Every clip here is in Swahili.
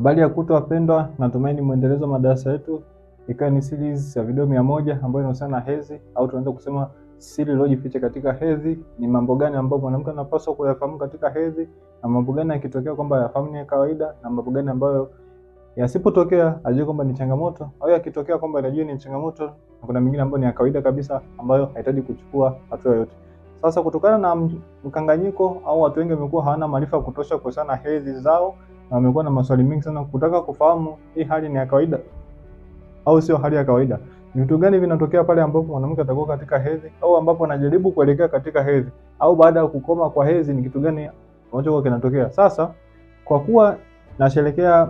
Habari ya kutwa wapendwa, natumaini mwendelezo madarasa yetu ikawa ni series ya video mia moja ambayo inahusiana na hedhi au tunaweza kusema siri iliyojificha katika hedhi. Ni mambo gani ambayo mwanamke anapaswa kuyafahamu katika hedhi, na mambo gani yakitokea kwamba yafahamu ni kawaida, na mambo gani ambayo yasipotokea ajue kwamba ni changamoto, au yakitokea kwamba anajua ni changamoto, na kuna mingine ambayo ni ya kawaida kabisa ambayo haihitaji kuchukua hatua yoyote. Sasa kutokana na mkanganyiko au watu wengi wamekuwa hawana maarifa ya kutosha kuhusiana na hedhi zao na wamekuwa na maswali mengi sana kutaka kufahamu hii hali ni ya kawaida au sio hali ya kawaida. Ni vitu gani vinatokea pale ambapo mwanamke atakuwa katika hedhi au ambapo anajaribu kuelekea katika hedhi au baada ya kukoma kwa hedhi, ni kitu gani ambacho kinatokea? Sasa kwa kuwa nasherekea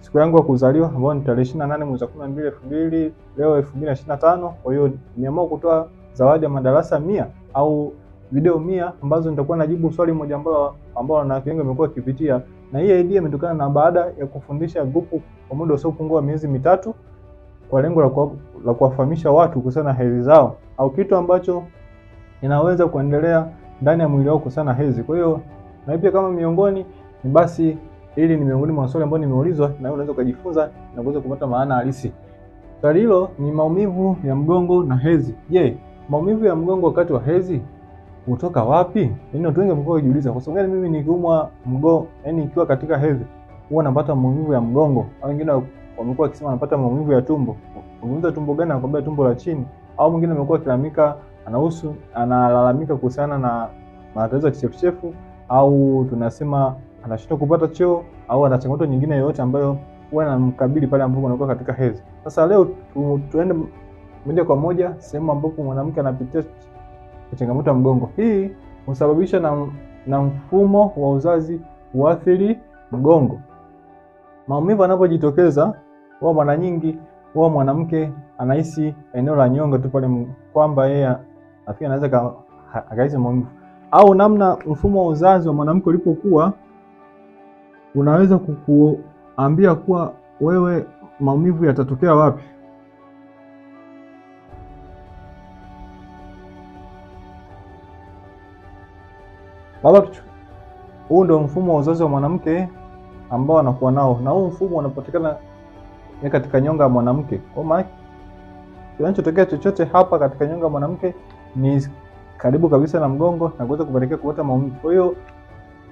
siku yangu ya kuzaliwa ambayo ni tarehe 28 mwezi wa 12 2000 leo 2025, kwa hiyo niamua kutoa zawadi ya madarasa mia au video mia ambazo nitakuwa najibu swali moja ambalo ambalo wanawake wengi wamekuwa wakipitia, na hii idea imetokana na baada ya kufundisha grupu kwa muda usiopungua miezi mitatu kwa lengo la la kuwafahamisha watu kuhusiana na hedhi zao au kitu ambacho inaweza kuendelea ndani ya mwili wao kuhusiana na hedhi. Kwa hiyo na pia kama miongoni ni basi, ili ni miongoni mwa swali ambayo nimeulizwa na wewe unaweza kujifunza na kuweza kupata maana halisi. Swali hilo ni maumivu ya mgongo na hedhi. Je, maumivu ya mgongo wakati wa hedhi kutoka wapi? Yaani watu wengi wamekuwa wakijiuliza, kwa sababu gani mimi nikiumwa mgongo, yaani nikiwa katika hedhi huwa napata maumivu ya mgongo? Au wengine wamekuwa wakisema anapata maumivu ya tumbo. Ukimuuliza tumbo gani, anakwambia tumbo la chini. Au mwingine amekuwa akilalamika, anahusu analalamika kuhusiana na matatizo ya kichefuchefu, au tunasema anashindwa kupata choo, au ana changamoto nyingine yoyote ambayo huwa anamkabili pale ambapo anakuwa katika hedhi. Sasa leo tu, tuende moja kwa moja sehemu ambapo mwanamke anapitia ya changamoto ya mgongo. Hii husababishwa na, na mfumo wa uzazi huathiri mgongo. Maumivu yanapojitokeza huwa mara nyingi huwa mwanamke anahisi eneo la nyonga tu pale, kwamba yeye afi anaweza akahisi maumivu au namna mfumo wa uzazi wa mwanamke ulipokuwa unaweza kukuambia kuwa wewe maumivu yatatokea wapi. baba kichwa. Huu ndio mfumo wa uzazi wa mwanamke ambao anakuwa nao, na huu mfumo unapatikana katika nyonga ya mwanamke. Kwa maana kinachotokea chochote hapa katika nyonga ya mwanamke ni karibu kabisa na mgongo na kuweza kupelekea kupata maumivu. Kwa hiyo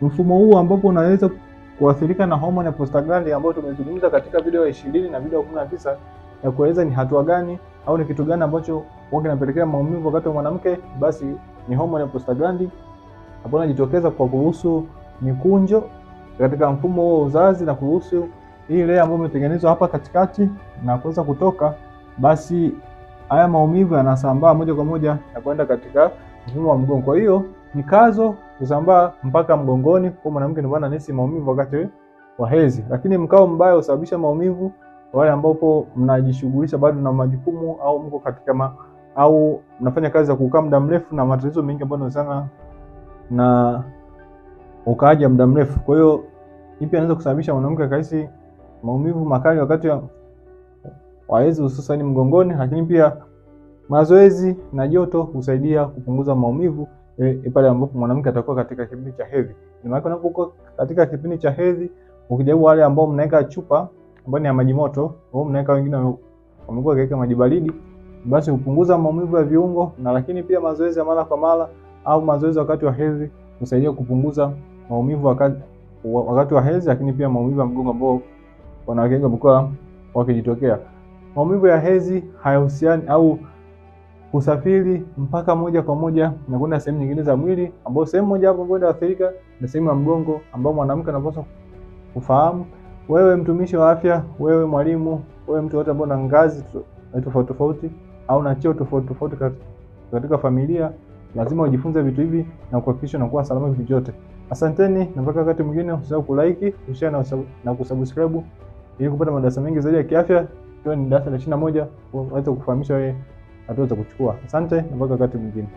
mfumo huu ambapo unaweza kuathirika na homoni ya prostaglandin ambayo tumezungumza katika video ya 20 na video ya 19 ya kueleza ni hatua gani au ni kitu gani ambacho kinapelekea maumivu wakati wa mwanamke, basi ni homoni ya prostaglandin ambao inajitokeza kwa kuruhusu mikunjo katika mfumo wa uzazi na kuruhusu hii lea ambayo imetengenezwa hapa katikati na kuweza kutoka, basi haya maumivu yanasambaa moja kwa moja na kwenda katika mfumo wa mgongo. Kwa hiyo mkazo kusambaa mpaka mgongoni kwa mwanamke, ndio maana anahisi maumivu wakati wa hedhi. Lakini mkao mbaya husababisha maumivu wale ambapo mnajishughulisha bado na majukumu au mko katika ma, au mnafanya kazi za kukaa muda mrefu na matatizo mengi ambayo sana na ukaaja muda mrefu. Kwa hiyo ipi anaweza kusababisha mwanamke akahisi maumivu makali wakati wa hedhi, hususani mgongoni, lakini pia mazoezi na joto husaidia kupunguza maumivu e, e pale ambapo mwanamke atakuwa katika kipindi cha hedhi. Ni maana unapokuwa katika kipindi cha hedhi, ukijaribu wale ambao mnaweka chupa ambayo ni ya maji moto au mnaweka wengine wamekuwa wakiweka maji baridi, basi hupunguza maumivu ya viungo na lakini pia mazoezi ya mara kwa mara au mazoezi wakati wa hedhi kusaidia kupunguza maumivu wakati, wakati wa hedhi, lakini pia maumivu ya mgongo ambao wanawake wengi wamekuwa wakijitokea. Maumivu ya hedhi hayahusiani au kusafiri mpaka moja kwa moja na kwenda sehemu nyingine za mwili, ambao sehemu moja hapo kwenda athirika na sehemu ya mgongo, ambao mwanamke anapaswa kufahamu. Wewe mtumishi wa afya, wewe mwalimu, wewe mtu yote ambao na ngazi tofauti tofauti au na cheo tofauti tofauti katika familia Lazima ujifunze vitu hivi na kuhakikisha unakuwa salama vitu vyote. Asanteni na mpaka wakati mwingine, usisahau kulike, kushare na, na kusubscribe ili kupata madarasa mengi zaidi ya kiafya, ikiwa ni darasa la 21 uweze kufahamisha wewe hatua za kuchukua. Asante na mpaka wakati mwingine.